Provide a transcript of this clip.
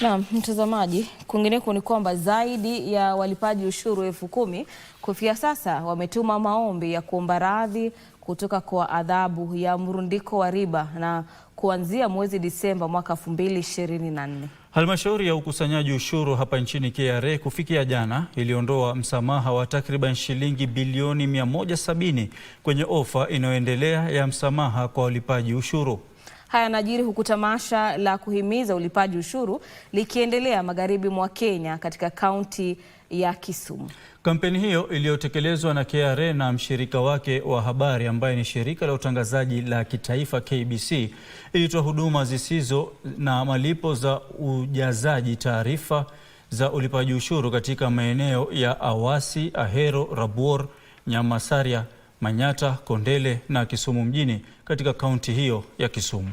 Na mtazamaji, kwingineko ni kwamba zaidi ya walipaji ushuru elfu kumi kufikia sasa wametuma maombi ya kuomba radhi kutoka kwa adhabu ya mrundiko wa riba na kuanzia mwezi Disemba mwaka 2024. Halmashauri ya ukusanyaji ushuru hapa nchini KRA kufikia jana iliondoa msamaha wa takriban shilingi bilioni 170 kwenye ofa inayoendelea ya msamaha kwa walipaji ushuru. Haya yanajiri huku tamasha la kuhimiza ulipaji ushuru likiendelea magharibi mwa Kenya katika kaunti ya Kisumu. Kampeni hiyo iliyotekelezwa na KRA na mshirika wake wa habari ambaye ni shirika la utangazaji la kitaifa KBC ilitoa huduma zisizo na malipo za ujazaji taarifa za ulipaji ushuru katika maeneo ya Awasi, Ahero, Rabuor, Nyamasaria Manyata, Kondele na Kisumu mjini katika kaunti hiyo ya Kisumu.